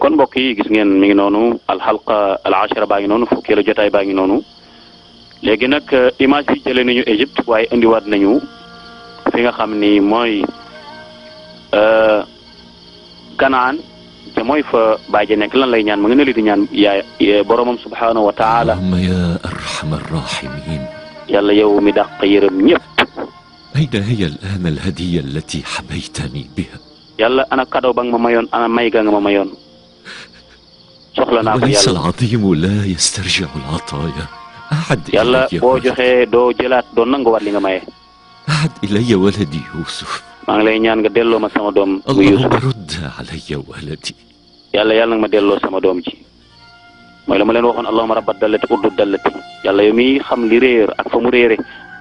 kon mbokk yi gis ngeen mi ngi noonu alxalqa al ashara baa ngi noonu jotaay baa ngi noonu léegi nag euh, image bi jëlee nañu Égypte waaye indiwaat nañu fi nga xam ni mooy euh, Kanaan te mooy fa baaje nekk lan lay ñaan ma nga ne li di ñaan yaay boromam subhaanahu wa taala ya arhamar rahimin yow mi dàq yërëm ñëpp ayna hiya al-aan al-hadiya biha yàlla ana cadeau ba nga ma mayoon ana may ga ma mayoon soxla naa ko yàlla alazim la yastarjiu alataya ahad yàlla boo joxee doo jëlaat doo nanguwaat li nga maye ahad ilaya waladi yusuf maa ngi lay ñaan nga delloo ma sama doom mu yusuf rudd alaya waladi yàlla yàlla nga ma delloo doom ji mooy la ma leen waxoon allahuma rabba dallati mi xam li réer ak fa mu réere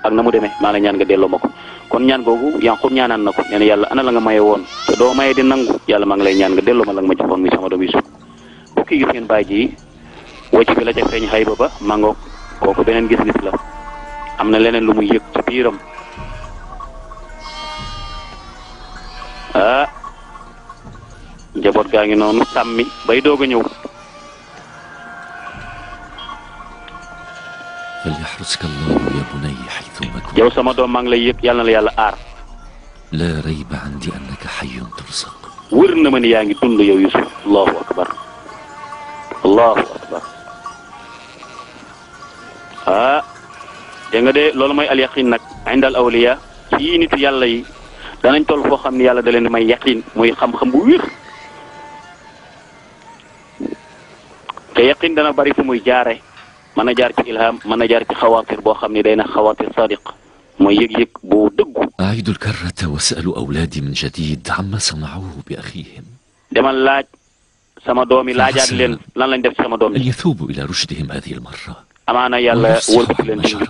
ak na mu demee maa ngi lay ñaan nga delloo ma ko kon ñaan googu yanqur ñaanaan na ko nee na yàlla ana la nga maye woon te doo maye di nangu yàlla maa ngi lay ñaan nga delloo ma la nga ma joxoon muy sama doom yusuf fukki gis ngeen bàyyi ji wacc bi la ca feeñ xayba ba mangoog kooku beneen gis-gis la am na leneen lu muy yëg ci biiram ah njaboot gaa ngi noonu sàmmi bay doog a ñëw yow sama doom maa ngi lay yëg yàlla na la yàlla aar wër na ma yaa ngi dund yow Yusuf allahu akbar allahu akbar ah dégg nga de loolu mooy al yaqin nag indal awliya ci nitu yàlla yi danañ tol foo xam ne yàlla da leen di may yaqin mooy xam-xam bu wér te yaqin dana bari fu muy jaare mën a jaar ci ilham mën a jaar ci xawaatir boo xam ne day na xawaatir sadiq mooy yëg-yëg bu dëggu أعيد الكرة واسأل أولادي من جديد عما صنعوه بأخيهم demal laaj sama doom yi laajaat leen lan lañ def ci sama doom yi. yatuubu ila rushdihim haadihi al-marra. amaana yàlla wëlbati leen dëgg.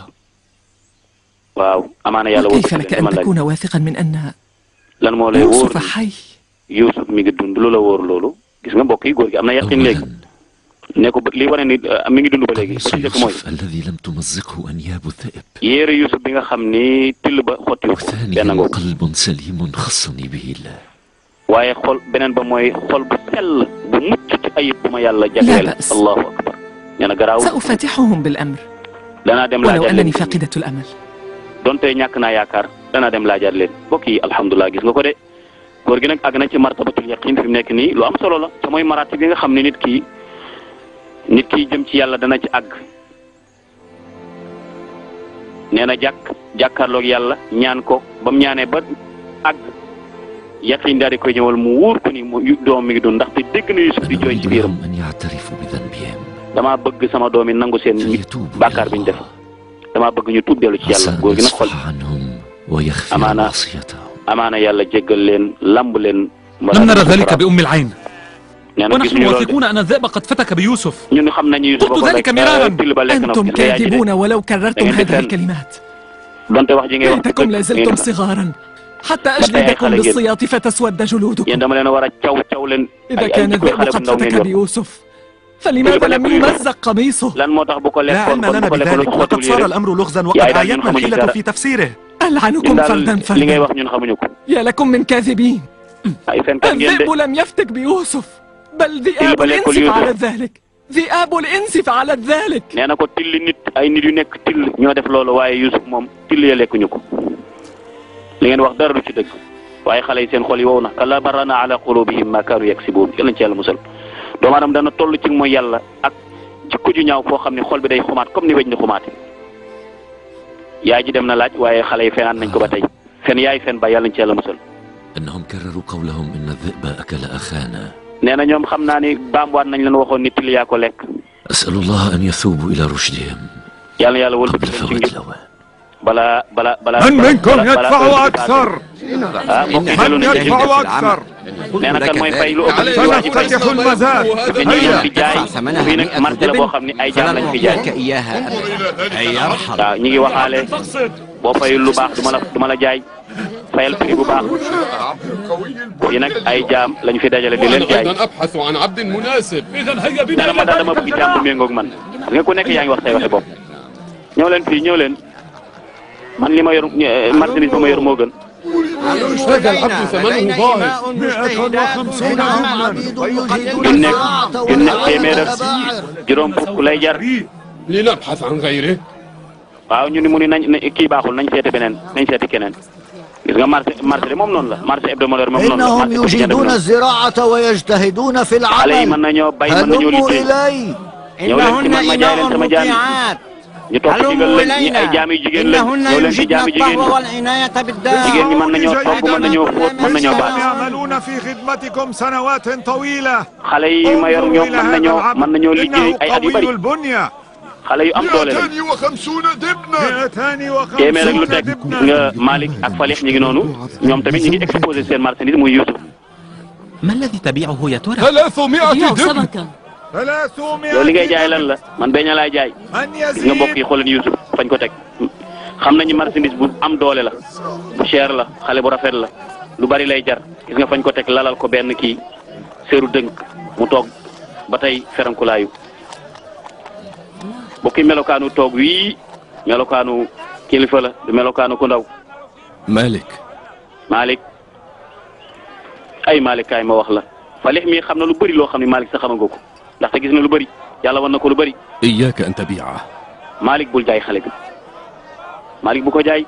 waaw amaana yàlla wëlbati leen dëgg man laaj. takuna wathiqan min anna. lan moo lay wóor Yuusuf mi ngi dund loola wóor loolu. gis nga mbokk yi góor gi am na yaqin léegi. ne ko li wane ni uh, mi ngi dund ba léegi. ba ci njëkk mooy. alladi lam tumazziqhu anyaabu dhaib. yéere Yuusuf bi nga xam ni till ba xotti ko. benn ngoog qalbun salimun xassani bihi llah. waaye xol beneen ba mooy xol bu sell mucc ayib ma yàlla jagleel la akbar nee na garaaw sa ufatixuhum bil amr danaa dem laajal leen walaw annani faqidatul amal donte ñàkk naa yaakaar danaa dem laajaat leen mbokk yi alhamdulilah gis nga ko de góor gi nag àgg na ci martabatul yaqin fi nekk ni lu am solo la moy mooy maraati bi nga xam ne nit ki nit ki jëm ci yàlla dana ci àgg nee na jàkk jàkkaarloog ñaan ko ba mu ba àgg yaqin daal di koy ñëwal mu wóor ko ni mu doom mi ngi doon ndaxte dégg na Yuusuf di jooy ci biiram damaa bëgg sama doom yi nangu seen bàkkaar bi ñu def damaa bëgg ñu tuub dellu ci yàlla góor gi nag xol amaana amaana yàlla jéggal leen lamb leen. mbala lam nara dalika bi ummi al-ayn. nee na gis ñu loolu de wa nahnu waathikuuna anna dhaaba qad fataka bi Yuusuf. ñun xam nañu Yuusuf ba ko rek eh, till ba lekk na ko gis nga yaa ji de da ngeen di seetlu donte wax ji ngay wax. حتى أجلدكم للصياط فتسود جلودكم إذا كان الذئب قد فتك بيوسف فلماذا لم يمزق قميصه؟ لا علم لنا بذلك وقد صار الأمر لغزا وقد عايتنا الحيلة في تفسيره ألعنكم فردا فردا يا لكم من كاذبين الذئب لم يفتك بيوسف بل ذئاب الإنس فعلت ذلك ذئاب الإنس فعلت ذلك nee na ko till nit ay nit yu nekk till ñoo def loolu waaye Yuusuf moom till ya lekkuñu ko li ngeen wax dara du ci dëgg waaye xale yi seen xol yi wow na kalla barana ala qulubihim ma kaanu yaksibuun yal nañ ci yàlla musal doomu aadama dana toll ci mooy yàlla ak jikko ju ñaaw foo xam ne xol bi day xumaat comme ni weñ ni xumaate yaay ji dem na laaj waaye xale yi fenaan nañ ko ba tey fen yaay fen ba yàlla nañ ci yàlla musal annahum karraru qawlahum inna dhi'ba akala axaana nee ñoom xam naa ni baamwaat nañ leen waxoon ni til yaa ko lekk asalullah an yatuubu ila yàlla yàlla balaa balaa balaa man minkum yadfa'u aksar ah mbokk yi delloo nañu ca nee na kan mooy fay lu ëpp ci waa ji fay te ñuy ñëw di jaay fii nag marché la boo xam ne ay jaam lañ fi jaay waaw ñu ngi waxaale boo fayul lu baax du ma la du ma la jaay fayal prix bu baax fii nag ay jaam lañ fi dajale di leen jaay nee na ma daal dama bëgg jaam bu méngoog man nga ku nekk yaa ngi wax say waxe bopp ñëw leen fii ñëw leen. man li ma yor eh, marchandise ba ma yor moo gën. اشتغل عبد ثمنه ضاعف 150 عاما junne junne téeméer ak juróom fukk lay jar. linabhath an ghayrihi. waaw ñu ni mu ni nañ kii baaxul nañ seeti beneen nañ seeti keneen. gis nga marché marché de moom noonu la marché hebdomadaire moom noonu la marché bu ci jënd bi noonu. xale yi mën nañoo bay mën nañoo liggéey. ñëw leen ci man ma jaay leen sama jaam ñu topp digal leen ñi ay jaami jigéen lañ ñoo leen di jaami jigéen ñi jigéen ñi mën nañoo topp mën nañoo fóot mën nañoo baat xale yi ma yor ñoom mën nañoo mën nañoo liggéey ay at yu bëri xale yu am doole lañ téeméer ak lu teg nga Malick ak Falix ñi ngi noonu ñoom tamit ñi ngi exposé seen marchandise muy Youssouf. yow li ngay jaay lan la man beña laay jaay gis nga mbokk yi xooleen Youssouf fañ ko teg xam nañu marchandise bu am doole la bu cher la xale bu rafet la lu bari lay jar gis nga fañ ko teg lalal ko benn kii seeru dënk mu toog ba tey ferankulaayu mbokk yi melokaanu toog wii melokaanu kilifa la du melokaanu ku ndaw Malick Malick ay Malick kaay ma wax la Falix mi xam na lu bëri loo xam ne Malick sax xamango ko ndaxte gis na lu bëri yàlla wan na ko lu bëri. iyyaka an tabi'ah. Malick bul jaay xale bi Malick bu ko jaay.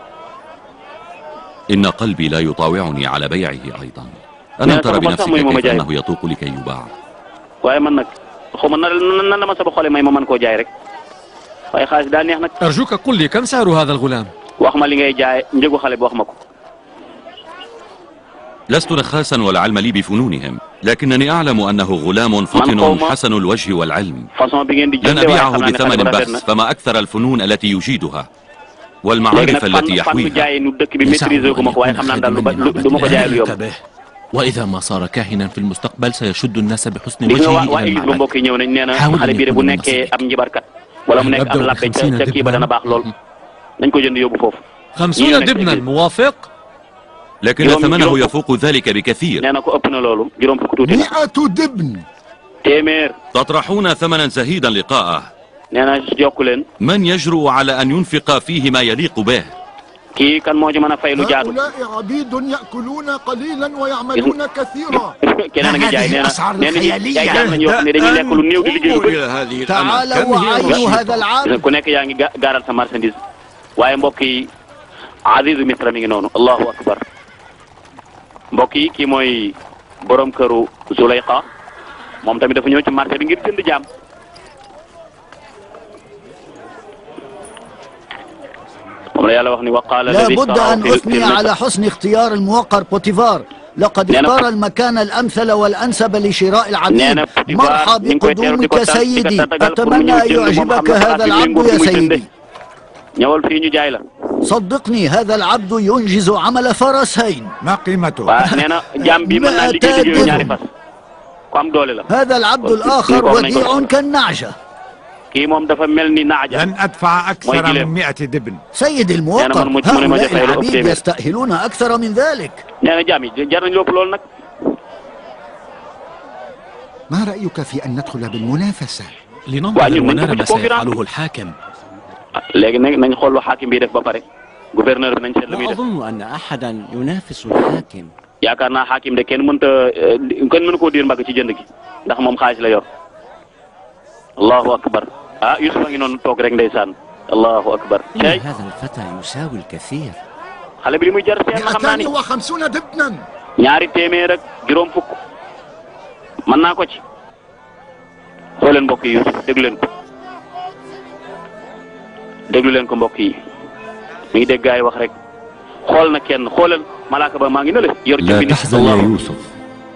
inna qalbi la yutaawi'uni ala bay'ihi aydan. alam tara bi nafsika kayfa annahu yatuuqu likay yubaa'a. waaye man nag xaw ma nan nan la ma saba xoolee may ma mën koo jaay rek waaye xaalis daa neex nag. arjuka qul li kam saaru haadha al-ghulaam. wax ma li ngay jaay njëgu xale bi wax ma ko. lastu nakhaasan wal 'ilma li bi funuunihim لكنني أعلم أنه غلام فطن حسن الوجه والعلم لا نبيعه بثمن بخس فما أكثر الفنون التي يجيدها والمعارف التي يحويها وإذا ما صار كاهنا في المستقبل سيشد الناس بحسن وجهه إلى المعبد حاول أن يكون من نصيبك نبدأ بخمسين دبنا خمسين دبنا موافق؟ لكن ثمنه يفوق ذلك بكثير مئة دبن تطرحون ثمنا زهيدا لقاءه من يجرؤ على أن ينفق فيه ما يليق به kii kan moo ci mën a fay lu jaadu keneen a ngi jaay nee na nee na ñuy jaay jaam nañu yoo xam ne dañuy lekk lu néew di liggéey ku nekk yaa ngi gaaral sa marchandise waaye mbokk yi Azizu Misra mi ngi noonu allahu akbar mbokk yi kii mooy borom këru Zulayqa moom tamit dafa ñëw ci marché bi ngir jënd jaam moom la yàlla wax ni wa qaala la budda an uthniya ala husni ixtiyaar al muwaqqar Potifar laqad ixtaara al makaana al amsala wal ansaba li shiraa al abd marha bi quduumika sayyidi atamanna an yu'jibaka haadha al abdu ya sayyidi ñëwal fii ñu jaay la صدقني هذا العبد ينجز عمل فرسين ما قيمته waaw nee na jaam bi mën naa liggéey liggéeyu ñaari fas ku am doole la هذا العبد الآخر وديع كالنعجة kii moom dafa mel ni naaja lan adfaa akthara min mi'ati dibn سيدي الموقر هؤلاء العبيد يستأهلون أكثر من ذلك nee na jaam yi jar nañ lépp lool nag ما رأيك في أن ندخل بالمنافسة لننظر ماذا سيفعله الحاكم léegi nag nañ xool lu xaakim bi def ba pare gouverneur bi nañ seet lu muy def. yaakaar naa xaakim de kenn mënta eh, kenn mënu koo diir mbagg ci jënd gi ndax moom xaalis la yor allahu akbar ah Yusuf a ngi noonu toog rek ndeysaan allahu akbar. tey xale bi li muy jar seen xam naa ni ñaari téeméer ak juróom fukk mën naa ko ci. xooleen mbokk yi Yusuf déglu leen ko. déglu leen ko mbokk yi mi ngi dégg gaay wax rek xool na kenn xoolal malaaka ba maa ngi ne la. yor ci biir Youssouf.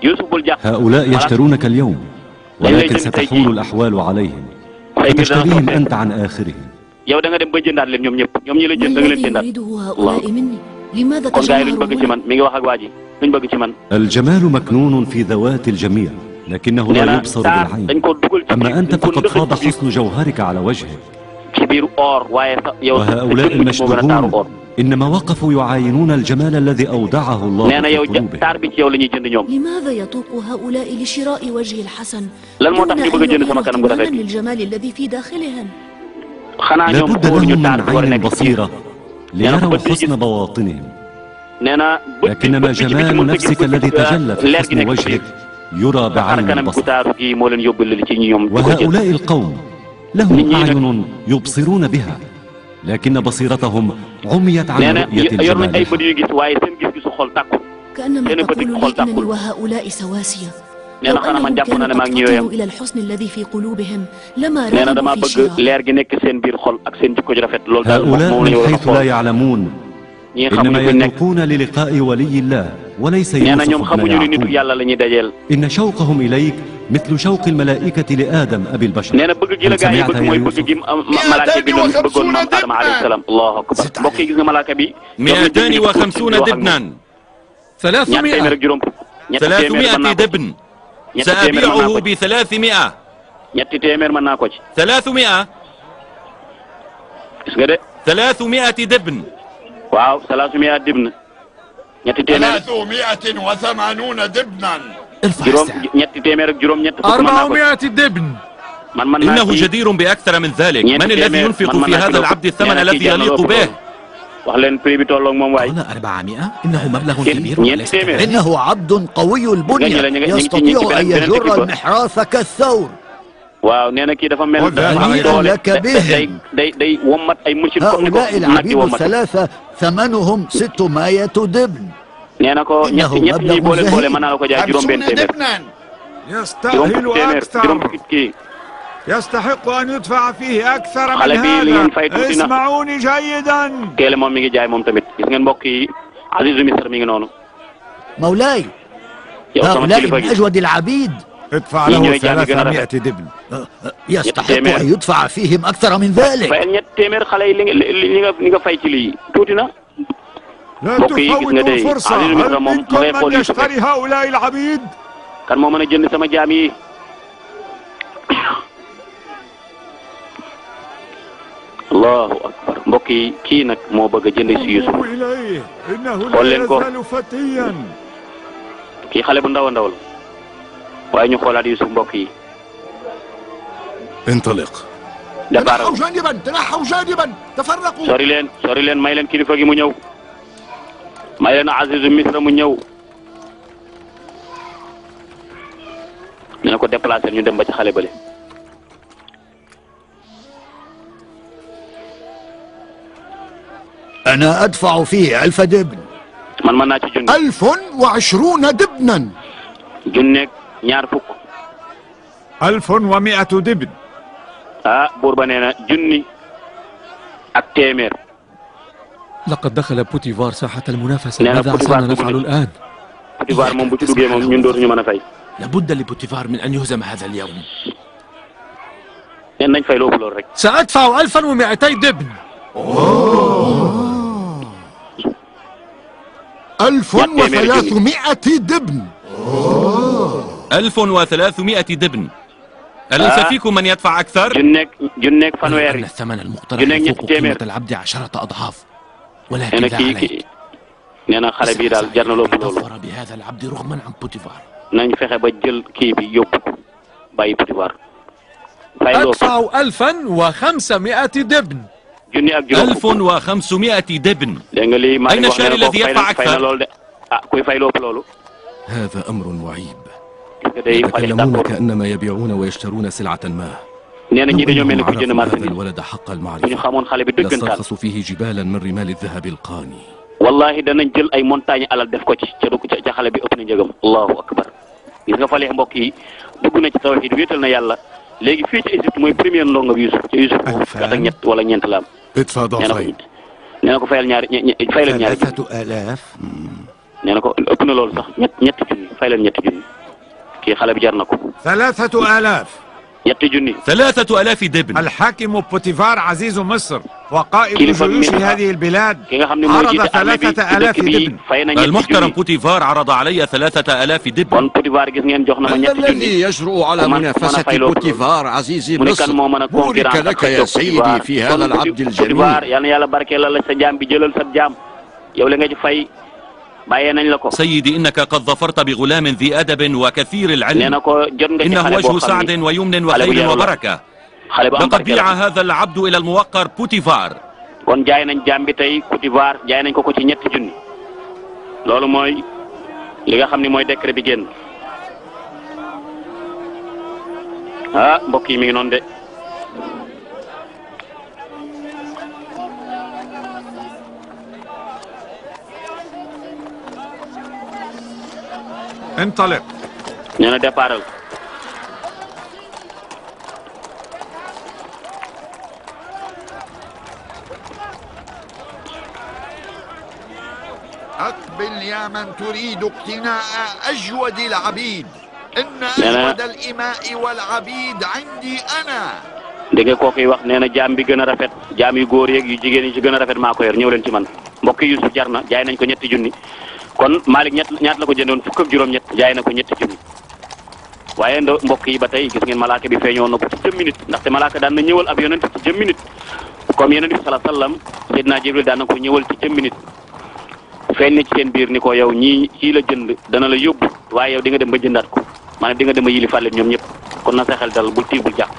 Youssouf bul jàq. هؤلاء يشترونك اليوم ولكن ستحول الأحوال عليهم فتشتريهم أنت عن آخرهم. yow da nga dem ba jëndaat leen ñoom ñëpp ñoom ñi la jënd da nga leen jëndaat. waaw kon gaay luñ bëgg ci man mi ngi wax ak waa ji luñ bëgg ci man. الجمال مكنون في ذوات الجميع لكنه لا يبصر بالعين. أما أنت فقد خاض حسن جوهرك على وجهك. ci biir or waaye sax yow. sa jëmm ji moo gën a taaru or. innama waqafu yucaayinuuna aljamal alladi awdacahu llahu nee na yow taar bi ci yow la ñuy jënd ñoom. limaada yatuuqu haulaa'i lishiraa' wajhi alxasan. lan moo tax ñu bëgg a jënd sama kanam gu rafet gi. xanaa ñoom xooluñu taar bi war a nekk ci biir. nee na bët yi gis nee na bët bi bët bi ci bitti mënut a gis bët leer gi nekk ci biir. xanaa kanam gu taaru gi moo leen yóbbu li ci ñoom. di ko jënd لهم أعين يبصرون بها لكن بصيرتهم عميت عن رؤية الجمال كأنما تقول لجنني وهؤلاء سواسية nee na xanaa man jàpp na ne maa ngi ñëwee nee na damaa bëgg leer gi nekk seen biir xol ak seen jikko ju rafet loolu daal moom la ñu war a xool ñi nga xamuñu ku nekk nee na ñoom xamuñu ni nitu yàlla la ñuy dajeel. nee na bëgg gi la gaa yi bëgg mooy bëgg gi malaaka bi doon bëggoon maam Adama alayhi salaam. allahu akbar mbokk yi gis nga malaaka bi. mi'atani wa xamsuuna dibnan. ñaar téeméer ak juróom ñetti téeméer mën naa ko ci. ñetti téeméer mën naa ko ci. ñetti téeméer mën naa ko ci. gis nga de. waaw salaasu mi'a dibna ñetti téeméer salaasu mi'atin wa samanuuna dibnan juróom ñetti téeméer ak juróom ñett arba'u mi'ati dibn man man innahu jadirun bi akthara min dhalik man alladhi yunfiqu fi hadha al-'abd ath-thaman alladhi yaliqu bihi wax leen prix bi tolloog moom waay arbaa mia innahu mablaghun kabir innahu 'abdun qawiyyul bunya yastati'u an yajurra al-mihrath kath-thawr waaw nee na kii dafa mel dafa day day day wommat ay machine comme ni ko nag di wommat thamanuhum sittumaayatu dibn nee na ko ñett ñett ñi boole boole mën naa la ko jaay juróom benn téeméer juróom kii yastahiqu an yudfaa fiihi akthar min haadaa xale bi li ngeen fay tuuti na isma'uuni jayyidan keele moom mi ngi jaay moom tamit gis ngeen mbokk yi Azizu Misr mi ngi noonu mawlaay yow sama kilifa gi ajwad al-abiid ادفع له 300 دبن يستحق أن يدفع فيهم أكثر من ذلك fayal ñett téeméer xale yi li nga li nga li nga fay ci lii tuuti na mbokk yi gis nga day Aliou Mbisa moom ma ngay xool yu soppeeku kan moo mën a jënd sama jaam yi allahu akbar mbokk yi kii nag moo bëgg a jënd si Yusuf xool leen ko kii xale bu ndaw a ndaw la waaye ñu xoolaat yu su mbokk yi. intaliq. dabaaraw sori leen sori leen may leen kilifa gi mu ñëw. may leen azizu misra mu ñëw. dina ko déplacé ñu dem ba ci xale bële. ana adfau fihi alfa dibn. man mën naa ci junne. alfun wa ashruuna dibnan. junneeg. ñaar fukk. alfun wa mi'atu dibn. ah buur ba nee na junni ak téeméer. laqad daxala Potiphar saaxata almunafasa. nee na Potiphar bu ñu Potiphar moom bu ci duggee moom ñun dootuñu mën a fay. labudda li Potiphar min an yuhzama hada alyawm. nee nañ fay loobu lool rek. sa adfau alfan wa mi'atay dibn. Oh. alfun wa salaatu mi'ati dibn. Oh. 1300 دبن أليس فيكم من يدفع أكثر؟ جنيك جنيك فانويري أن الثمن المقترح يفوق قيمة العبد عشرة أضعاف ولكن لا عليك نينا خالي بي دال جارنا لو لولو بهذا العبد رغما عن بوتيفار نان فخه با جيل كي بي يوب باي بوتيفار أدفع 1500 دبن junni ak juróom 1500 دبن dégg nga lii maa ngi wax ne la boo fay na fay na loolu de ah kuy fay lóob loolu. هذا أمر وعيب يتكلمون كأنما يبيعون ويشترون سلعة ما nee na ñii dañoo mel ni ku jënd marché bi bu ñu xamoon xale bi dëggantaan wallahi danañ jël ay montagne alal def ko ci ca dugg ca xale bi ëpp na njëgam allahu akbar gis nga faleex mbokk yi dugg na ci tawhid wéetal na yàlla léegi fii ci Égypte mooy première ndongo bi Yusuf ca Yusuf fukki at ak ñett wala ñeent la am nee na ko fayal ñaari fayal ñaari nee na ko ëpp na loolu sax ñett ñetti junni fayal ñetti junni kii xale bi jar na ko. salaasatu alaaf. ñetti junni. salaasatu alaafi débn. alxakimu Potifar azizu Misr. wa qaa'idu juyuushi haadihi albilaad. ki nga xam ne moo jiite armée bi dëkk bi fay na ñetti junni. almuxtaram Potifar arada alayya salaasata alaafi débn. kon Potifar gis ngeen jox na ma ñetti junni. alladi yajruu ala munaafasati Potifar azizi Misr. mu ne kan buurika laka yaa sayyidi fi haadha al-abdi al-jamiil. Potifar yal na yàlla barkeelal la sa jaam bi jëlal sa jaam yow la nga ci fay. bàyyee nañ la ko sayidi innaka qad dafarta bi gulaamin di adabin wa kathir alilm nee na ko jot nga ci innahu wajhu saadin wa yumnin wa xayrin wa baraka xale bu am laqad bi'a hadha alabdu ila kon jaay nañ jaam bi tey Potifar jaay nañ ko ko ci ñetti junni loolu mooy li nga xam ni mooy décret bi génn ah mbokk yi mi noonu de انطلق nee na départal أقبل يا من تريد اقتناء أجود العبيد إن أجود الإماء والعبيد عندي أنا dégg nga kooku wax nee na jaam bi gën a rafet jaam yu góor yeeg yu jigéen yi ci gën a rafet maa ko yor ñëw leen ci man mbokk Yuusuf jar na jaay nañ ko ñetti junni kon Malick ñett ñaat la ko jëndoon fukk ak juróom-ñett jaay na ko ñetti junni waaye ndo mbokk yi ba tey gis ngeen malaaka bi feeñoon na ko ci jëmmi nit ndaxte malaaka daan na ñëwal ab yonent ci jëmmi nit a yonent bi sala sallam Seydina Jibril daan na ko ñëwal ci jëmmi nit feeñ na ci seen biir ni ko yow ñii kii la jënd dana la yóbbu waaye yow di nga dem ba jëndaat ko maanaam di nga dem ba yili fàlle ñoom ñëpp kon na sa xel dal bul tiir bul jàq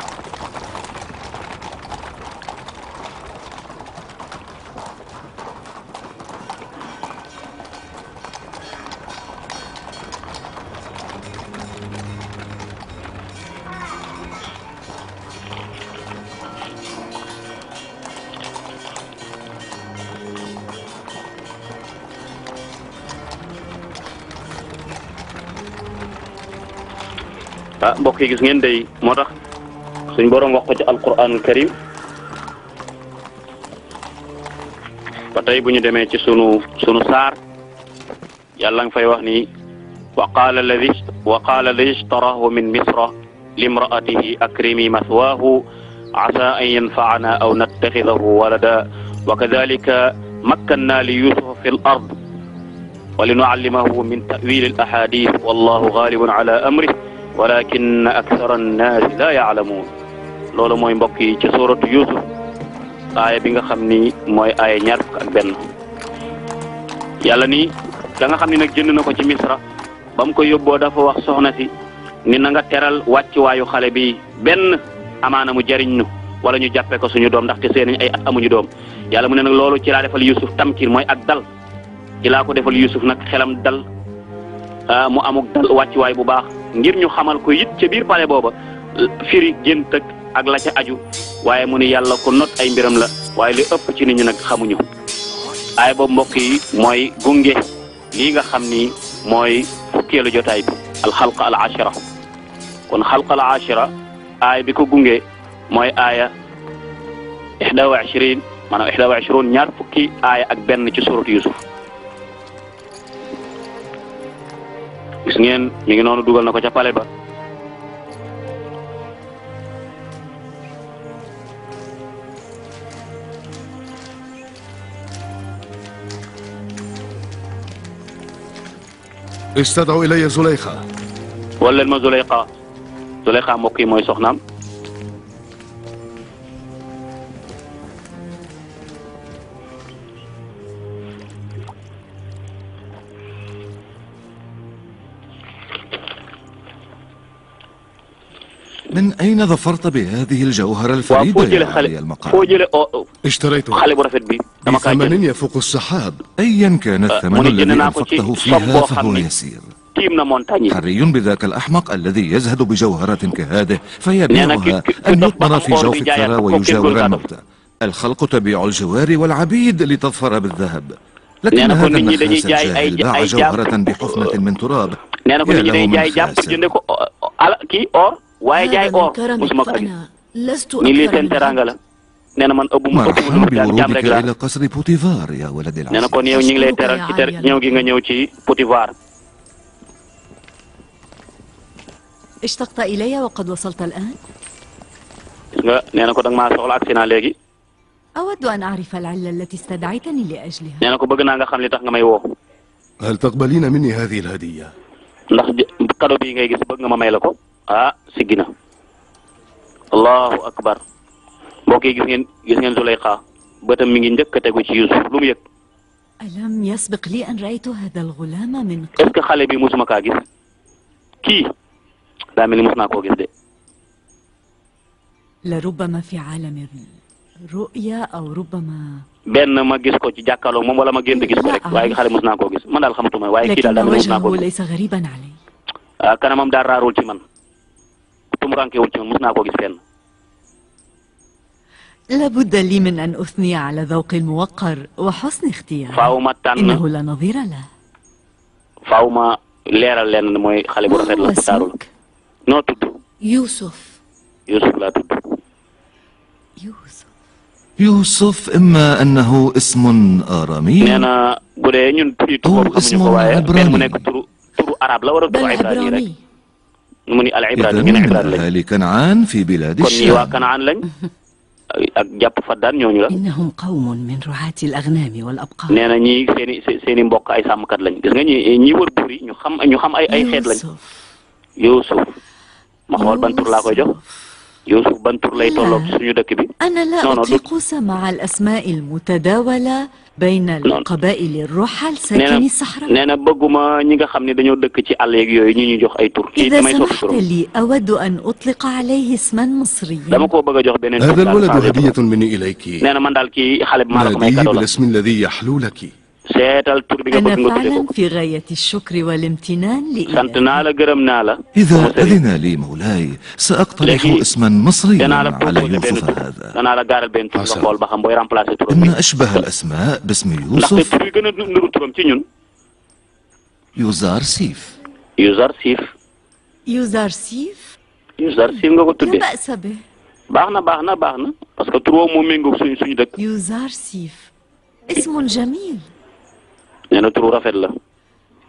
mbokk yi gis ngeen day moo tax suñ borom wax ko ci alquranul karim ba tey bu ñu demee ci sunu sunu saar yàlla nga fay wax ni wa qaala alladi wa qaala alladi ishtarahu min misra limraatihi akrimi mathwaahu asa an yanfacana aw nattaxidahu walada wa kadalika makkanna li yusufa fi l ard wa linuallimahu min tawil al ahadith wallahu galibun ala amrih walakin akthara annaasi laa yaalamuun loolu mooy mbokk yi ci suuratu Yuusuf aaya bi nga xam ni mooy aaya ñaar fukk benn yàlla ni da nga xam ni nag jënd na ko ci misra ba koy ko yóbboo dafa wax soxna si ni na nga teral wàccuwaayu xale bi benn amaana mu jariñ nu wala ñu jàppee ko suñu doom ndaxte seen ay at amuñu doom yàlla mu ne nag loolu ci laa defal Yuusuf tamkiin mooy ak dal ci laa ko defal Yuusuf nag xelam dal ah, mu amuk dal wàccuwaay bu baax ngir ñu xamal ko yit ca biir pale booba firi gént ak la ca aju waaye mu ni yàlla ko not ay mbiram la waaye li ëpp ci nit ñi nag xamuñu aay boobu mbokk yi mooy gunge lii nga xam ni mooy fukkeelu jotaay bi alxalqa al achira kon xalqa al achira aay bi ko gunge mooy aaya ixda wa ishrin maanaam ixda wa ishrin ñaar fukki aaya ak benn ci suratu yusuf gis ngeen mi ngi noonu dugal na ko ca pale ba istadaw ilayya Zuleyxa. wal leen ma Zuleyxa Zuleyxa mbokk yi mooy soxnaam. من أين ظفرت بهذه الجوهرة الفريدة يا عالي المقام؟ اشتريته بثمن يفوق السحاب أيا كان الثمن الذي أنفقته فيها فهو يسير حري بذاك الأحمق الذي يزهد بجوهرة كهذه فيبيعها أن يطمر في جوف الثرى ويجاور الموتى الخلق تبيع الجوار والعبيد لتظفر بالذهب لكن هذا النخاس الجاهل باع جوهرة بحفنة من تراب يا له من خاسر waaye jaay or musuma ko gis ni lii seen teranga la nee na man ëpp mu ëpp mu jaam rek la nee na kon yow ñu ngi lay teral ci ter ñëw gi nga ñëw ci Potiphar. ishtaqta ilayya wa qad wasalta al-aan. gis nga nee na ko danga maa soxla agsi naa léegi. أود أن أعرف العلة التي استدعيتني لأجلها. nee na ko bëgg naa nga xam li tax nga may woo. هل تقبلين مني هذه الهدية؟ ndax kado bii ngay gis bëgg nga ma may la ko. ah siggi na allahu akbar mbokk yi gis ngeen gis ngeen bëtam mi ngi njëkk a tegu ci Yuusuf lu mu yëg alam li an raytu hada algulama min est-ce que xale bi musuma kaa gis kii daa ni mus naa koo gis de la rubbama fi aalami ruya aw rubbama benn ma gis ko ci jàkkaarloo wala ma gént gis ko rek waaye xale mus naa koo gis man daal xamatuma waaye kii daal daal mus naa koo gis ah, kanamam daal raarul ci man tumurankewul ci man mos naa koo gis fenn la budda li min an uthniya ala dawqi almuwaqar wa xusni ixtiyaar faaw ma tànn innahu la nadira la faaw ma leeral leen mooy xale bu rafet la bu taaru la noo tudd Yuusuf Yuusuf laa tudd Yuusuf Yuusuf imma annahu ismun arami nee na bu dee ñun tur yi tur boobu xamuñu ko waaye benn mu nekk turu turu arab la war a turu ibrani rek mu ni al ibraan ñu ne ibraan lañ kanaan fi bilaadi kon ñii waa kanaan lañ ak jàpp faddaan ñooñu la innahum qawmun min ru'aati al agnaami wal abqaar nee na ñii seen i seen i mbokk ay sàmmkat lañ gis nga ñi ñi wër buur yi ñu xam ñu xam ay ay xeet lañ Yuusuf ma xool ban tur laa koy jox Yuusuf ban tur lay tolloog suñu dëkk bi non non du بين القبائل الرحل ساكني الصحراء nee na bëgguma ñi nga xam ne dañoo dëkk ci àll yeeg yooyu ñu ñu jox ay tur. إذا سمحت لي أود أن أطلق عليه اسما مصريا. dama ko bëgg a jox beneen. هذا الولد هدية مني إليك. nee na man daal kii xale bi maa la ko may. ناديه بالاسم الذي يحلو لك. seetal tur bi nga bëgg nga tuddee ko fi gaayati shukri wal imtinaan li sant naa la gërëm naa la ida adina li mawlaay sa aqtarihu isman masriyan ala yusufa hada danaa la gaaral benn tur nga xool ba xam booy remplacer turam inna ashbaha al asmaa bismi yusuf ndaxte tur yi gën a nuru turam ci ñun yuzar siif yuzar siif yuzar siif yuzar siif nga ko tuddee baax na baax na baax na parce que tur woowu moo méngóog suñ suñu dëkk yuzar siif ismun jamil nee na turu rafet la.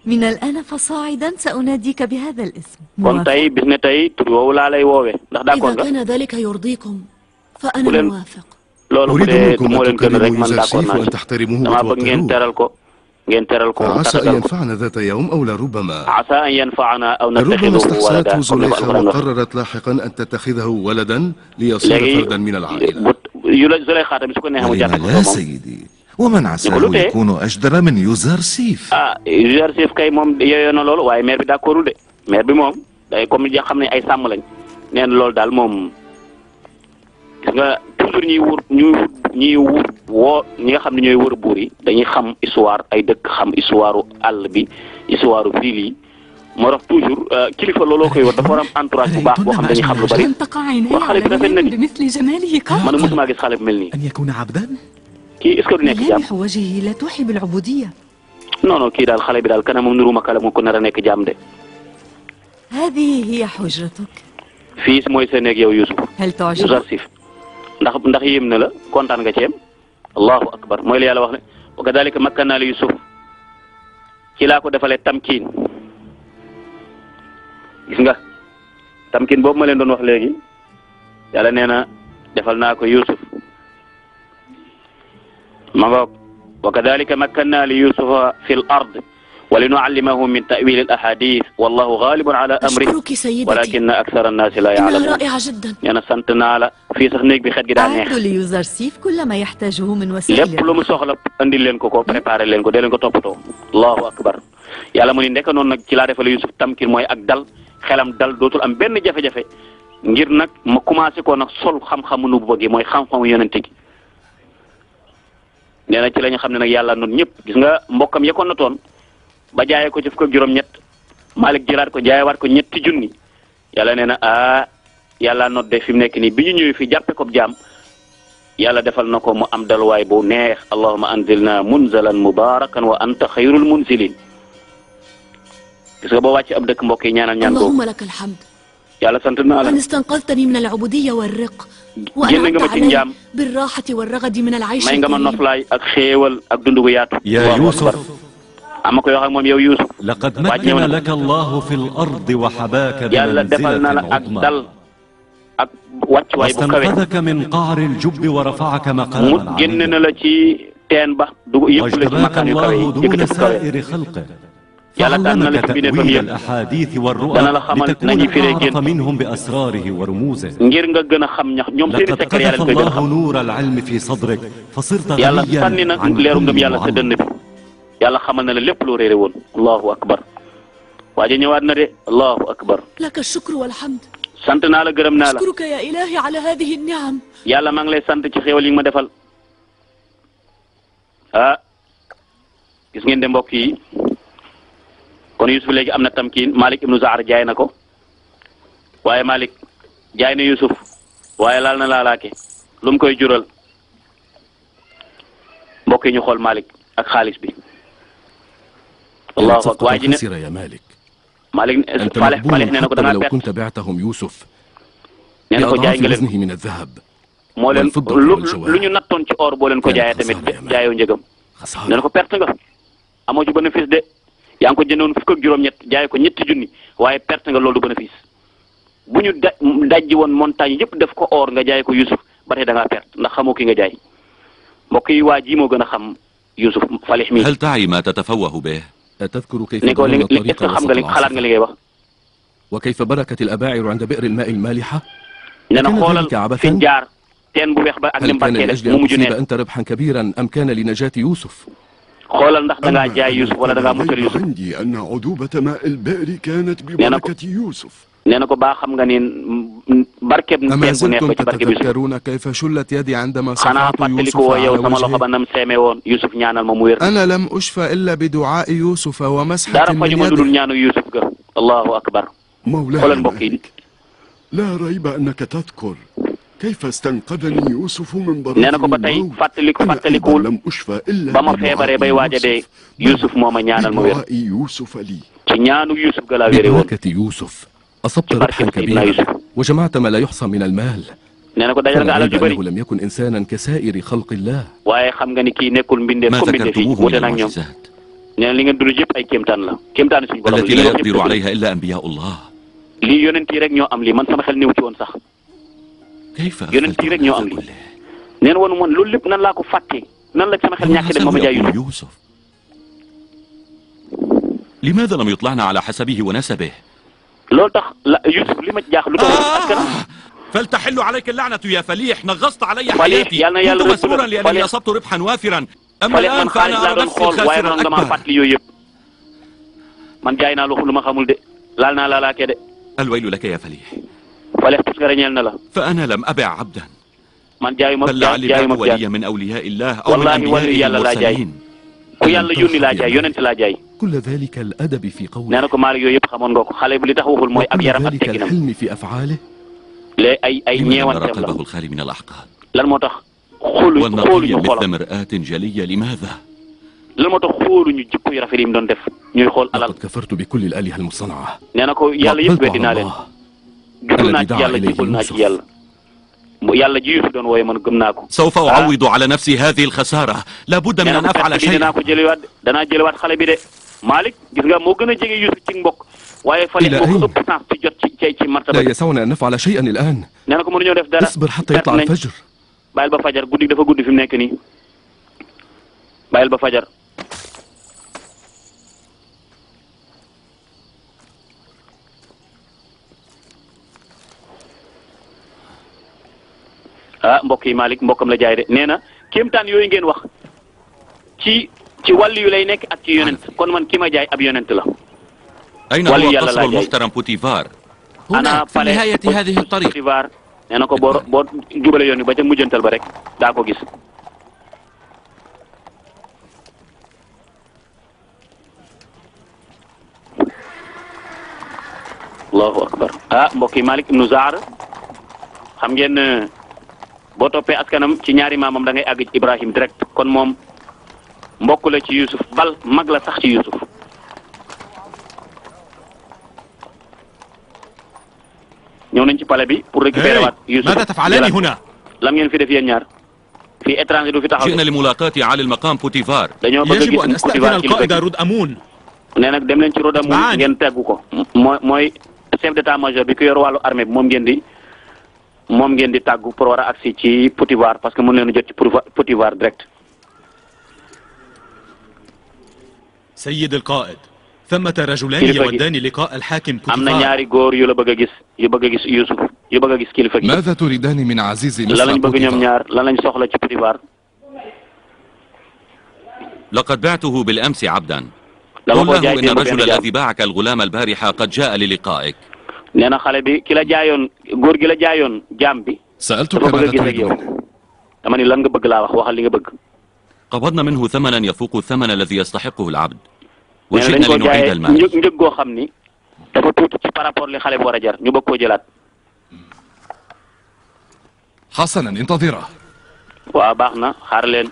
min al ana fa saa'idan sa unaadika bi haadha al ism. kon tey bis ne tey tur woowu laa lay woowe ndax d'accord nga. idaa kaana daalika yurdiikum fa ana muwaafiq. loolu bu dee moo leen gën rek man d'accord naa ci damaa bëgg ngeen teral ko. ngeen teral ko mu tàggatoo ko asa an yanfa'ana zaata yawm aw la rubbama. asa an yanfa'ana aw nattaxidahu waladan. Zulayxa wa qarrarat laaxiqan an tattaxidahu waladan li yasira fardan min al aa'ila. léegi bu yu la Zulayxa tamit su ko neexee mu jàpp ko doomam. ومن عساه يكون أجدر من يوزر سيف ah user sif kay moom yooyu na loolu waaye maire bi d'accordul de maire bi moom day comme yoo xam ne ay sàmm lañ neen loolu daal moom gis nga toujours ñuy wër ñuy ñuy wër woo ñi nga xam ne ñooy wër buur yi dañuy xam histoire ay dëkk xam histoire àll bi histoire ville yi moo tax toujours kilifa looloo koy war dafa war am entourage bu baax boo xam dañuy xam lu bari wax xale bi rafet na ni man mosuma gis xale bu mel nii. kii est-ce que du nekk jaam. وجهه لا توحي بالعبودية. non non kii daal xale bi daal kanamam nuru ma kala mu ko nar a nekk jaam de. هذه هي حجتك. fii mooy sa néeg yow Youssouf. hal ndax ndax yéem na la kontaan nga ceeb. allahu akbar mooy la yàlla wax ne wa kadalika makkannaa li Youssouf ci laa ko defalee tamkiin gis nga tamkiin ma leen doon wax léegi yàlla nee na defal ma ngoog wa kadalika makkanna li yusufa fi l ard wa li nuallimahu min tawil al ahadith wallahu ghalibun ala amri walakinna aksara annaasi la yaalamun nee na sant naa la fii sax néeg bi xet gi daa neex lépp lu mu soxla andil leen ko ko préparé leen ko dee leen ko toppatoo allahu akbar yàlla mu ni ndeka noonu nag ci laa defale Yusuf tamkin mooy ak dal xelam dal dootul am benn jafe-jafe ngir nag ma commencé ko nag sol xam-xamu nu bu bëgg mooy xam-xamu yonente gi nee na ci la ñu xam ne nag yàlla noonu ñëpp gis nga mbokkam yekoon na toon ba jaayee ko ci fukk ak juróom-ñett Malick jëlaat ko jaayewaat ko ñetti junni yàlla nee na ah yàlla noot de fi mu nekk nii bi ñu ñëwee fii jàppe ko jaam yàlla defal na ko mu am dalwaay bu neex allahuma anzilna munzalan mubarakan wa anta xayrul munzilin gis nga boo wàcce ab dëkk mbokk yi ñaanal ñaan boobu yàlla sant naa la. an istanqadtani min al-ubudiyya war-riqq. génn nga ma ci njaam. bir-raahati war-raghadi min al-'ayshi. may nga ma noflaay ak xéewal ak dund gu yaatu. yaa Yuusuf. ama koy wax ak moom yow Yuusuf. laqad makkana laka Allahu fi l-ardi wa habaaka bi manzilatin 'udmaa. yàlla defal na la ak dal ak wàccuwaay bu kawe. wastanqadaka min qa'ri l-jubbi wa rafa'aka maqaaman 'aliyyan. mu génn na la ci teen ba. dugub yëpp la ci makkaan yu kawe yi yëkkati bu kawe. yàlla daan na la fi bindee ba mu yëg dana la xamal nañu firee gént ngir nga gën a xam ñax ñoom seen i secret yàlla koy gën a xam yàlla sànni na leeru ngëm yàlla sa dënn bi yàlla xamal na la lépp loo réeré woon allahu akbar waa ji ñëwaat na de allahu akbar laka shukru wal hamd sant naa la gërëm naa la ashkuruka ya ilahi ala hadihi niam yàlla maa ngi lay sant ci xéewal yi nga ma defal ah gis ngeen de mbokk yi kon Youssouf léegi am na tamkiin Malik ibnu Zahar jaay na ko waaye Malik jaay na Youssouf waaye laal na laalaake lu mu koy jural mbokk yi xool Malik ak xaalis bi. allahu akbar waaye ji ne Malik Malik nee na ko da ngaa perte nee na ko jaay nga leen moo leen lu lu ñu nattoon ci or boo leen ko jaayee tamit jaay njëgam nee na ko perte nga amoo ci bénéfice de. yaa ngi ko jëndoon fukk ak juróom-ñett jaay ko ñetti junni waaye perte nga loolu bénéfice bu ñu da dajji woon montagne yëpp def ko or nga jaay ko Youssouf ba tey da ngaa perte ndax xamoo ki nga jaay mbokk yi waa ji moo gën a xam Youssouf Falih mi. hal تعي ما تتفوه به؟ تذكر كيف ضمن طريق وسط العصر؟ وكيف بركت الأباعر عند بئر الماء المالحة؟ nee na xoolal fi jaar teen bu weex ba ak lim barkeele mu mujj neen. هل كان من أجل أن تصيب أنت ربحا كبيرا أم كان لنجاة يوسف؟ xoolal ndax da ngaa jaay Youssouf wala da ngaa muccal Youssouf nee na ko nee na ko baa xam nga ni barkeb teeg bu neex ba ci barkeb Youssouf xanaa fàttaliku woo yow sama loxo ba nam seeme woon Youssouf ñaanal ma mu wér. dara faju ma dudul ñaanu Youssouf ga allahu akbar xoolal mbokk yi. kayfa stanqadani Yuusuf min barakatin nee na ko ba tey fàttaliku fàttalikuwul ba ma feebaree bay waaj a dee Yuusuf moo ma ñaanal ma wér ci ñaanu Yuusuf ga laa wéree woon ci barke Seydina Yuusuf nee na ko dajal nga alal ju bëri waaye xam nga ni kii nekkul mbindeef comme mbindeef yi wute na ak ñoom nee na li ngeen dund yëpp ay kéemtaan la kéemtaan suñu borom lii yonent yi rek ñoo am lii man sama xel néew ci woon sax yonent yi rek ñoo am lii neen woon man loolu lépp nan laa ko fàttee nan la sama xel ñàkk dem ba ma jaay Yuusuf لماذا لم يطلعنا على حسبه ونسبه loolu tax la Yuusuf li ma jaax lu tax askan فلتحل عليك اللعنة يا فليح نغصت علي حياتي كنت مسؤولا لأنني أصبت ربحا وافرا أما الآن فأنا أرى نفسي خاسرا أكبر man jaay naa lu ma xamul de laal naa laalaakee de الويل لك يا فليح wala istisgara ñeel na la. fa ana lam abi abdan. man jaayuma jaayuma waliya min awliya illah aw min anbiya'i yàlla laa jaay ku yàlla yónni laa jaay yonent laa jaay. kulla dhalika al adab fi qawli. nee na ko Malick yooyu yëpp xamoon nga ko xale bu li tax waxul mooy ak yaram ak tegginam. léegi ay ay ñeewanteem la lan moo tax. xoolu xooluñu xolam lan moo tax xooluñu jikko yu rafet yi mu doon def ñuy xool alal. nee na ko yàlla yëpp weddi naa leen. jublu naa ci yàlla jublu naa ci yàlla yàlla ji Yuusuf doon wooye man gëm naa ko sawfa ah. u'awwidu ala nafsi haadhihi al-khasaara laa budda min an af'ala shay'an danaa ko jëlewaat danaa jëlewaat xale bi de Malick gis nga moo gën a jege Yuusuf ci mbokk waaye fale moo ko ëpp chance ci jot ci ci ci martaba laa yasawnaa an naf'ala shay'an al-aan nee na ko mënuñoo def dara isbir hattaa yatla'a al-fajr bàyyil ba fajar guddi dafa guddi fi mu nekk nii bàyyil ba fajar ah mbokk yi Malick mbokkam la jaay de nee na kéemtaan yooyu ngeen wax ci ci wàll yu lay ak ci yonent kon man ki ma jaay ab yonent la. wàllu yàlla laa jaay ana ko boo jubale yoon wi ba ca mujjantal ba rek daa ko gis. allahu boo toppee askanam ci ñaari maamam da ngay àgg ci Ibrahim direct kon moom mbokk la ci Yusuf bal mag la sax ci Yusuf ñëw nañ ci palais bi pour récupérer waat Yusuf lan ngeen fi def yéen ñaar fi étranger du fi taxaw jina li mulaqati ala al maqam Potifar dañoo bëgg a gis Potifar ci Amun nee nag dem leen ci ngeen teggu ko mooy chef d'état major bi ku yor wàllu armée bi moom ngeen di moom ngeen di tàggu pour war a agsi ci Potivar parce que mën leen jot ci Potivar direct. Sayyid al-Qaa'id, thamata rajulaan yawaddaani liqaa' al-haakim Potivar. am na ñaari góor yu la bëgg a gis yu bëgg a gis Youssouf yu bëgg a gis kilifa gi. maazaa turiidaani min Aziiz Misra Potivar lan lañ bëgg ñoom ñaar lan lañ soxla ci Potivar. laqad ba'tuhu bil-amsi abdan. dama ko jaay dégg nga benn jàpp qul lahu inna rajula allazii ba'aka al-ghulaama al-baariha qad jaa'a li liqaa'ik nee na xale bi ki la jaayoon góor gi la jaayoon jaam bi. dafa bëgg a gis ak yow dama lan nga bëgg laa wax waxal li nga bëgg. qabadna minhu thamanan yafuqu thamana alladi yastaxiquhu al-abd. wa shi'na li nu'ida al-mal njëg njëg goo xam ni dafa tuuti ci par rapport li xale bi war a jar ñu bëgg koo jëlaat. xasanan intadira. waaw baax na xaar leen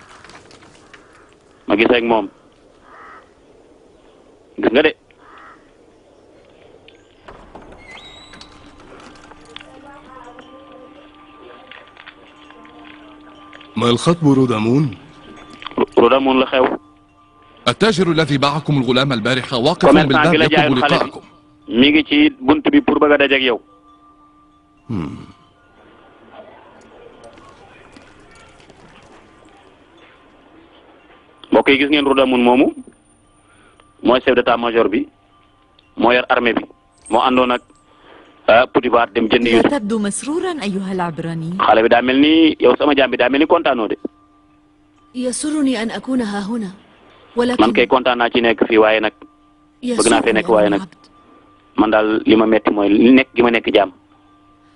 ma gis ak moom gis de. ما الخطب رودامون؟ رودامون لخاو التاجر الذي باعكم الغلام البارحة واقف بالباب يطلب لقاءكم ميغي تي بنت بي بور بغا داجاك يو mbokk yi gis ngeen Roudamoun moomu mooy chef d'état major bi moo yor armée bi moo àndoon ak ah Potiphar dem jënd Yuusuf. tabdu masruran ayyuha al-abrani. xale bi daa mel ni yow sama jaam bi daa mel ni kontaanoo de. yasuruni an akuna ha huna. walakin man kay kontaan naa ci nekk fii waaye nag. bëgg naa fee nekk waaye nag. man daal li ma metti mooy li nekk gi ma nekk jaam.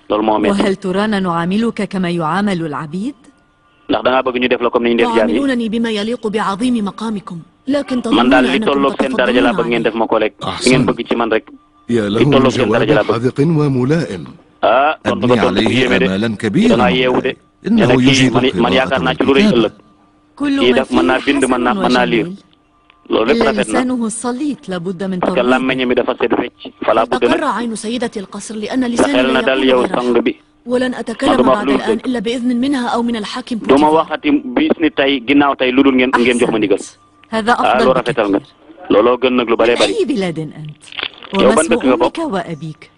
loolu moo metti. wa hal turana nu'amiluka kama yu'amalu al-abid. ndax da ngaa bëgg ñu def la comme ni ñu def jaam yi. tu'amilunani bima yaliqu bi azimi maqamikum. lakin man daal li tolloog seen daraja laa bëgg ngeen def ma ko rek. Ah, ngeen bëgg ci man rek. يا له جواب حذق وملائم أبني عليه أمالا كبيرا إنه يجيب قراءة الكتاب kii daf mën naa bind mën naa mën naa liir loolu lépp rafet na parce que làmmiñ mi dafa set fecc falaa budd nag daxel na dal yow sang bi man du ma wax lu dul du ma waxati bis ni tey ginnaaw tey lu dul ngeen ngeen jox ma ndigal ah loolu rafetal nga looloo gën nag lu bëree bëri. yow ban dëkk nga bokk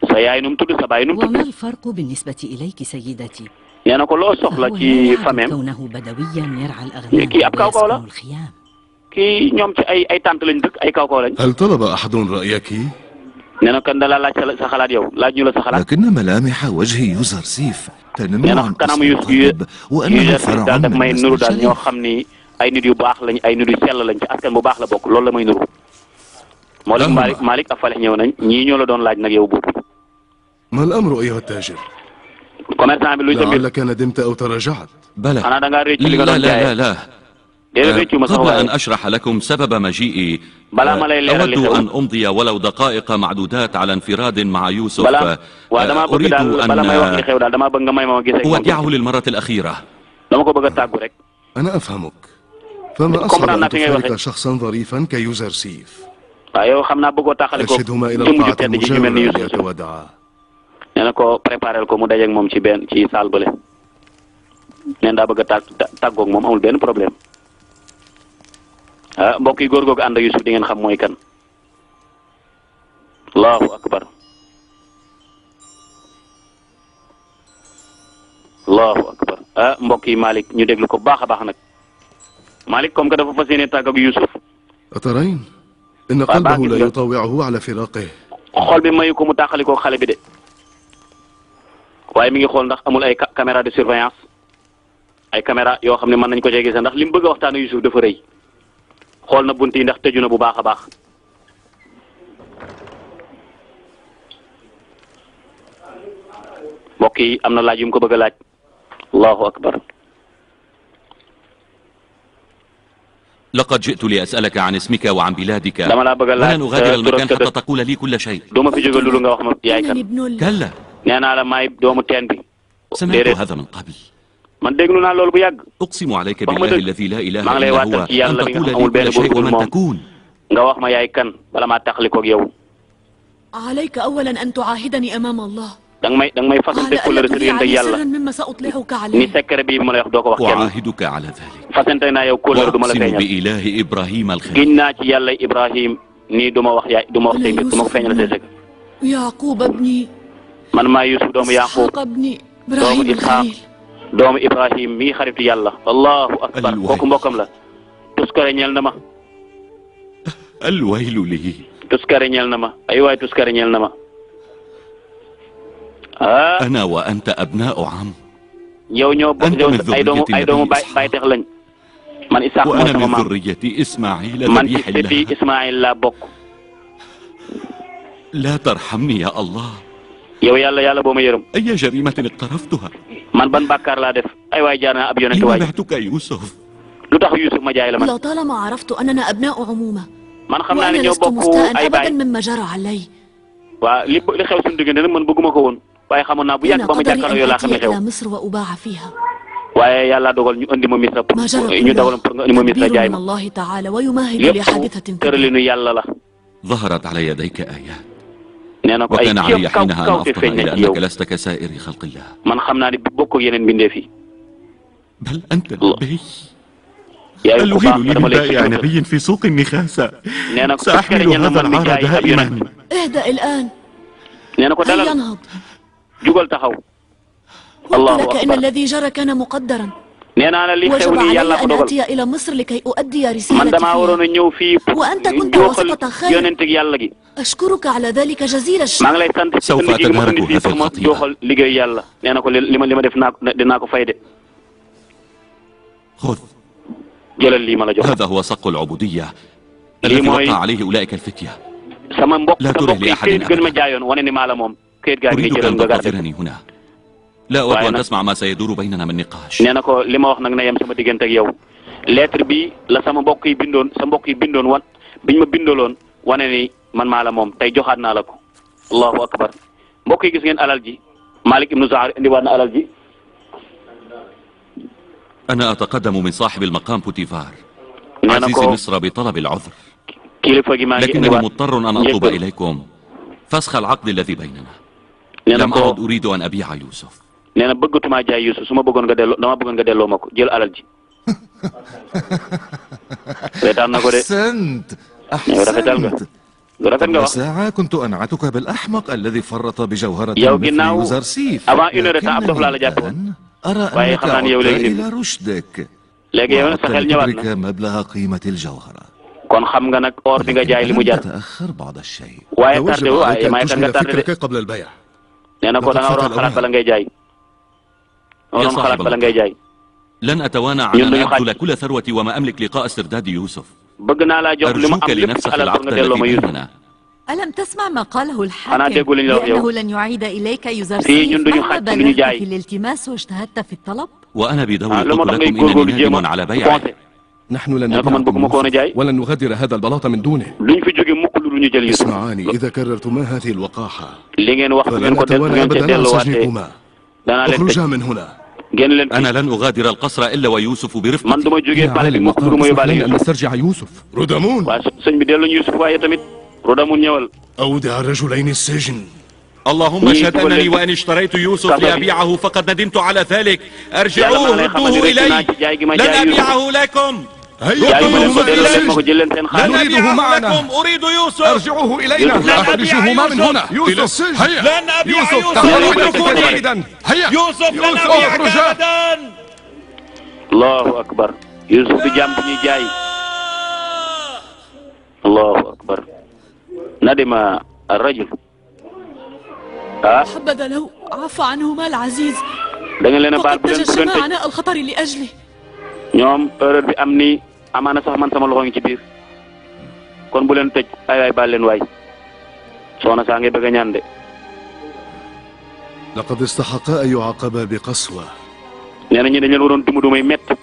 sa yaay nu mu tudd sa baay nu mu tudd. nee na ko loo soxla ci fameem kii ab kaw kaw la kii ñoom ci ay ay tante lañ dëkk ay kaw kaw lañ. hal talaba ahadun ra'yaki. nee na kan da laa laaj sa xalaat yow laaj ñu la sa xalaat. lakin malamiha wajhi yuzarsif. nee na kanam yu yu yuzarsif daal daf may nuru daal ñoo xam ni ay nit yu baax lañ ay nit yu sell lañ ci askan bu baax la bokk loolu la may nuru. moo tax Malick Malick Afale ñëw nañ ñii ñoo la doon laaj nag yow boobu. mal amru ayyuha taajir. commerçant bi luy sa mbir la'allaka nadimta aw tarajaat. bala xanaa da ngaa réccu li nga doon jaayee. déedéet réccu ma sax waaye. qabla an ashraxa lakum sababa majii. balaa ma lay leeral li xew awaddu an umdiya walaw daqaa'iqa macduudaat ala infiraadin maca Yuusuf. balaa waaw damaa uh, bëgg daal bala may wax li uh, xew daal damaa bëgg nga may ma ma gisee. waddicahu lilmarrati alaxiira. dama ko bëgg a tàggu rek. ana afhamuk. fama asraba an tufarrika shaxsan dariifan ka Yuusuf. waaw yow xam naa bëggoo taxale ko jëmm ju tedd ji ju mel ni Yuusuf nee ko préparel ko mu dajeeg moom ci benn ci saal bële neen daa bëgg a tà tàggoog moom amul benn problème ah mbokk yi góor googu ànd ak di ngeen xam mooy kan allahu akbar allahu akbar ah yi Malick ñu déglu ko baax a baax nag Malick comme que dafa fas yéene tàggoog inna qalbahu la yutawi'uhu ala firaqih xol bi mayu ko mu tàqali ko xale bi de waaye mi ngi xool ndax amul ay caméra de surveillance ay caméra yoo xam ne mën nañ ko cee gis ndax lim mu bëgg a waxtaan ak Youssouf rëy xool na bunt yi ndax tëju na bu baax a baax. mbokk yi am na laaj yu ko bëgg a laaj. allahu akbar. لقد جئت لأسألك عن اسمك وعن بلادك ولا نغادر المكان حتى تقول لي كل شيء دوما في jóge loolu nga wax ma yaay kan كلا nee naa la maay doomu teen bi سمعت هذا من قبل man déglu naa loolu bu yàgg أقسم عليك بالله الذي لا إله إلا هو أن تقول لي كل شيء ومن تكون nga wax ma yaay kan bala maa taxali koog yow عليك أولا أن تعاهدني أمام الله danga may danga may fasante kóllëre sa diggante ak yàlla ni secret bi ma lay wax doo ko wax kenn fasante naa yow kóllëre du ma la feeñal giñ naa ci yàlla Ibrahim nii du ma wax yaay du ma wax say mbir du ma ko feeñal say sëg man maa Yusuf doomu Yaqub doomu Isxaaq doomu Ibrahim mii xaritu yàlla allahu akbar kooku mbokkam la tuskare ñeel na ma alwaylu lii tuskare ñeel na ma ay waay tuskare ñeel na ma Ah. أنا وأنت أبناء عم yow ñoo bokk yow ay doomu ay doomu baay baay tex lañ man Isaaq moo sama maam man ci sëti Ismaayil laa bokk. laa tarhamni yaa Allah. yow yàlla yàlla boo ma yërëm. ayya jarimatin iqtaraftuha. man ban bàkkaar laa def ay waay jaar naa ab yonent waay. baatuka Yusuf. lu tax Yusuf ma jaay la man. la talama araftu annana abnaa'u umuuma. man xam naa ne ñoo bokk ay baay. waaw li li xew suñu diggante nag man bëgguma ko woon. waaye xamoon naa bu yàgg ba ma jàkkaarloo yow laa xam ne xew waaye yàlla dogal ñu andi ma Misra pour ñu dawaloon pour nga andi ma Misra jaay ma lépp tëralinu yàlla la. ظهرت على يديك آيات وكان علي حينها أن أفطر إلى أنك لست كسائر خلق الله man xam naa ne bokkul yeneen mbindeef yi بل أنت نبي الويل لي من بائع نبي في سوق النخاسة سأحمل هذا العار دائما اهدأ الآن هيا انهض jugal taxaw. allahu akbar alladi jara kana muqaddaran nee naa la li xew nii yàlla ko dogal man damaa waroon a ñëw fii pour joxal yonent ak yàlla gi. maa ngi lay sant ci sa liggéey ma indi fii pour ma joxal liggéey yàlla nee na ko li ma li ma def naa ko dinaa ko fay de. jëlal lii ma la jox. هذا هو صق العبودية الذي وقع عليه أولئك الفتية. sama mbokk sa mbokk yi gën ma jaayoon wane ni maa la moom. këyit gaa ngi jëral nga garde la waaye nag tasma ma sayaduru baynana min niqash nee na ko li ma wax nag na yem sama diggante ak yow lettre bi la sama mbokk yi bindoon sa mbokk yi bindoon wan biñ ma bindaloon wane ni man maa la moom tey joxaat naa la ko allahu akbar mbokk yi gis ngeen alal ji Malik ibnu Zahar indiwaat na alal ji ana ataqaddamu min saahibi al-maqaam Putifar aziizi Misra bi talabi al-uzr kilifa gi maa ngi indiwaat lakinnanii mudtarrun an atluba ilaykum fasxa al-aqd alladi baynana nee na ko lam uridu an abi'a Yusuf. nee na bëggatumaa jaay Yusuf su ma bëggoon nga delloo dama bëggoon nga delloo ma ko jël alal ji. reetaan na ko de. ahsant ahsant rafetal nga. rafet nga wax saa kuntu an'atuka bil ahmaq alladhi farrata bi jawharatin yow ginnaaw avant une heure de temps ab dof laa la jàppe woon waaye xam naa ne yow léegi nii léegi yow nag sa xel ñëwaat na mablaga qimat al jawhara kon xam nga nag or bi nga jaay li mu jar waaye tardé waaye maa ngi nga tardé de nee na ko da nga waroon xalaat bala ngay jaay. waroon xalaat bala ngay jaay. lan atawaana an abdula kula sarwati wa ma amlik liqaa istirdaadi Yuusuf. bëgg naa laa jox li ma am lépp si alal pour nga delloo ma Yuusuf. alam tasma ma qaalahu al-haakim xanaa déggu li ñu la wax yow. fii ñun duñu xaaj li ñu jaay. wa ana bi dawri نحن لن نبيعكم ولن نغادر هذا البلاط من دونه اسمعاني إذا كررتما هذه الوقاحة فلن أتوانى أبدا عن سجنكما اخرجا من هنا أنا لن أغادر القصر إلا ويوسف برفقتي يا عالم مقام اسمح لنا أن نسترجع يوسف ردمون أودع الرجلين السجن اللهم اشهد انني وان اشتريت يوسف لابيعه فقد ندمت على ذلك ارجعوه ردوه الي لن ابيعه لكم يا أيها الذين أريد يوسف أرجعوه إلينا أحبسهما من هنا يوسف هيا لن أبيع يوسف هيا يوسف لن أبيع أبدا الله أكبر يوسف جنبني جاي الله أكبر ندم الرجل حبذا لو عفى عنهما العزيز فقد نجا شماعنا الخطر لأجله ñoom erreur bi am ni amaana sax man sama loxo ngi ci biir kon bu leen tëj ay waay baal leen waay soxna saa ngi bëgg a ñaan de laqad istaxaqa an yuaqaba bi qaswa nee na ñi dañ leen waroon dumu dumay métti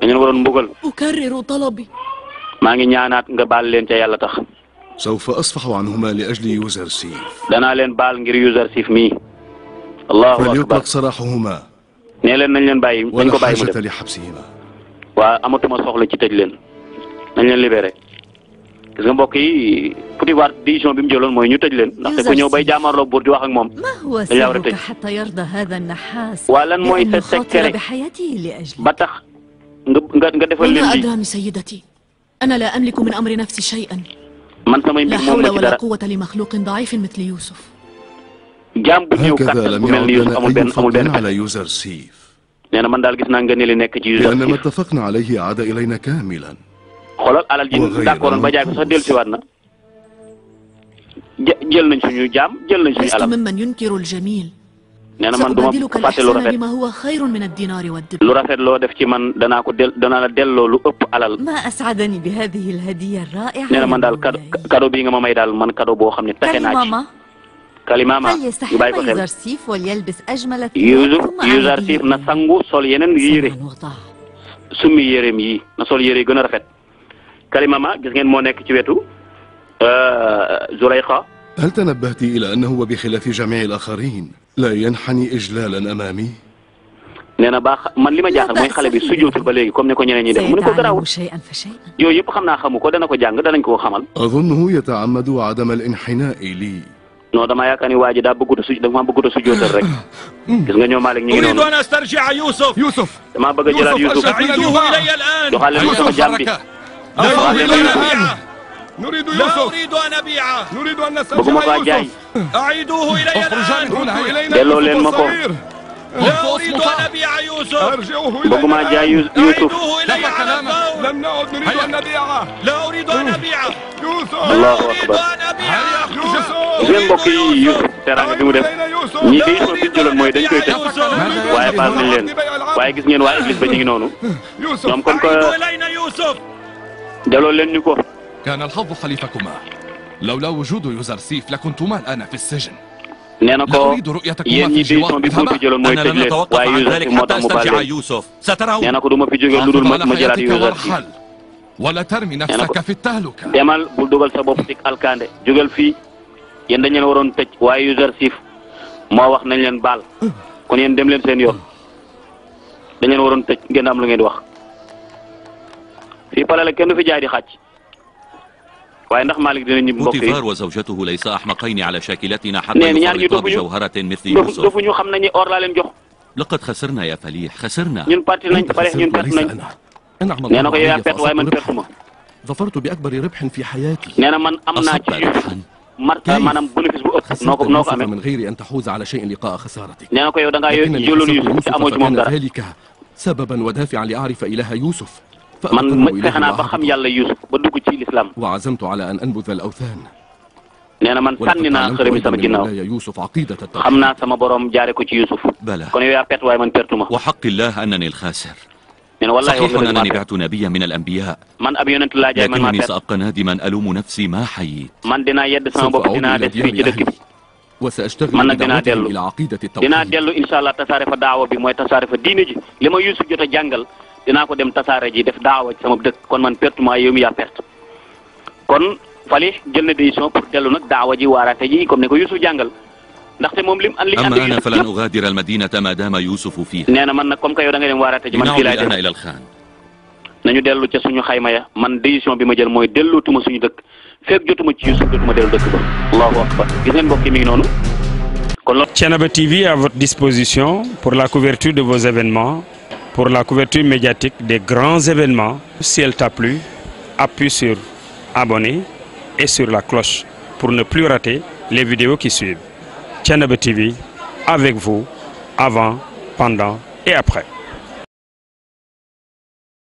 dañ leen waroon mbugal ukarriru talabi maa ngi ñaanaat nga baal leen ca yàlla tax sawfa asfaxu anhuma li ajli Yuzarsif danaa leen baal ngir Yuzarsif mii allahu akbar falyutlaq saraxuhuma nee leen nañ leen bàyyi nañ ko bàyyi mu dem waa amatuma soxla ci tëj leen nañ leen libéré gis nga mbokk yi Petit Var bi mu jëloon mooy ñu tëj leen ndaxte ku ñëw bay jaamarloo buur di wax ak moom dañ laa war a tëj waa lan mooy sa secret ba tax nga nga nga defal leen lii أنا لا أملك من أمر نفسي شيئا man samay mbir moom la ci dara jaam bu néew kattan bu mel ni Youssouf amul benn amul benn nee na man daal gis naa nga ne li nekk ci. usage bi ma tafaqna alayhi aada ilayna kaamilan. xoolal alal ji d'accord ba jaay ko sax dellusiwaat na. jël nañ suñu jaam jël nañ suñu alal. nee na man du ma fàtte lu rafet. lu rafet loo def ci man danaa ko del danaa la delloo lu ëpp alal. nee na man daal cadeau cadeau bii nga ma may daal man cadeau boo xam ne taxe naa ci. kalimama ñu bàyyi ko xel yuzarsif na sangu sol yeneen yére summi yéreem yi na sol yére yi gën a rafet kalimama gis ngeen moo nekk ci wetu Zulayxa هل تنبهت إلى أنه بخلاف جميع الآخرين لا ينحني إجلالا أمامي nee na baax man li ma jaaxal mooy xale bi sujjootul ba léegi comme ni ko ñeneen ñi def mu ne ko garaaw yooyu yëpp xam naa xamu ko dana ko jàng danañ koo xamal أظنه يتعمد عدم الانحناء لي non dama yaakaar ni waa ji daa bëggut a su dafa maa bëggut a sujjootal rek mm. gis nga ñoom Malick ñu ngi noonu uriidu an astarji'a Yusuf Yusuf damaa bëgg a jëlaat Yusuf joxaale leen sama jàmm bi joxaale leen Yusuf نريد يوسف لا أريد أن أبيعه نريد أن نسترجع يوسف أعيدوه إلي الآن دلوا لين مكو لا أريد أن أبيع يوسف أرجعه إلي بقوا ما جاء يوسف إلي على الفور لم نعد نريد أن نبيعه لا أريد أن أبيعه يوسف الله أكبر yéen mbokk yi Youssouf teraanga bi mu def ñi day ko si jëloon mooy dañ koy tëj waaye baal nañ leen waaye gis ngeen waa église ba ñu ngi noonu ñoom kon ko delloo leen ñu ko. كان الحظ حليفكما لولا وجود يوزرسيف لكنتما الآن في السجن nee na ko yéen ñi décision bi buur bi jëloon mooy tëj leen waaye Youssouf fi moo tax mu baal leen nee na ko du ma fi jógee lu dul ma ma jëlaat Youssouf fi nee na ko ma bul dugal sa bopp ci alkande jógal fii yéen dañu leen waroon tëj waaye Youssouf moo wax nañ leen baal kon yéen dem leen seen yoon dañ waroon tëj ngeen am lu ngeen wax fii pale la kenn du fi jaay di xàcc. waaye ndax Malick dina ñib mbokk yi Poutifar wa zawjatuhu laysa ahmaqayn ala shakilatina hatta yufarriqa bi jawharatin mithli Yusuf dofu ñu xam nañu or laa leen jox laqad xasarna ya falih xasarna ñun parti nañ pare ñun perte nañ nee na ko yow yaa perte waaye man pertuma dafartu bi akbari ribhin fi hayati nee na man am naa ci mar maanaam bénéfice bu ëpp noo ko noo ko amee min ghayri an tahuza ala shay'in liqa'a khasaratik nee na ko yow da ngaa jëloon Yusuf te amoo ci moom dara sababan wa dafi'an li a'rifa ilaha Yusuf man fexe naa ba xam yàlla Yusuf ba dugg ci lislaam وعزمت على أن أنبذ الأوثان nee na man sànni naa xërëmi sama ginnaaw xam naa sama borom jaare ko ci Youssouf. balaa kon yow yaa perte waaye man pertu ma. wa xaqillah annani alxaasir. nee na wallaahi wax dëgg annani baatu nabiyyan min al anbiya. man ab yonent laa jaay man maa perte lakinnii saabqa naadiman aluumu nafsi maa xayyiit. man dinaa yedd sama bopp dinaa des fii ci dëkk bi. man nag dinaa dellu dinaa dellu incha allah tasaare fa daawa bi mooy tasaare fa diine ji li ma Youssouf jot a jàngal dinaa ko dem tasaare ji def daawa ci sama dëkk kon man perte ma yow mi yaa perte kon Fali jël na décision pour dellu nag daawa ji waaraate ji comme ni ko Youssouf jàngal ndaxte moom lim an li andi ana falan ugadir al madinata ma dama Youssouf fiha nee na man nag comme que yow dem waaraate ji man fii nañu dellu ca suñu xayma ya man décision bi ma jël mooy dellootuma suñu dëkk fekk jotuma ci Youssouf jotuma dellu dëkk ba allahu akbar gis ngeen mbokk yi mi ngi noonu kon Thiénaba TV à votre disposition pour la couverture de vos événements pour la couverture médiatique des grands événements si elle abonner et sur la cloche pour ne plus rater les vidéos qui suivent. Thiénaba TV, avec vous, avant, pendant et après.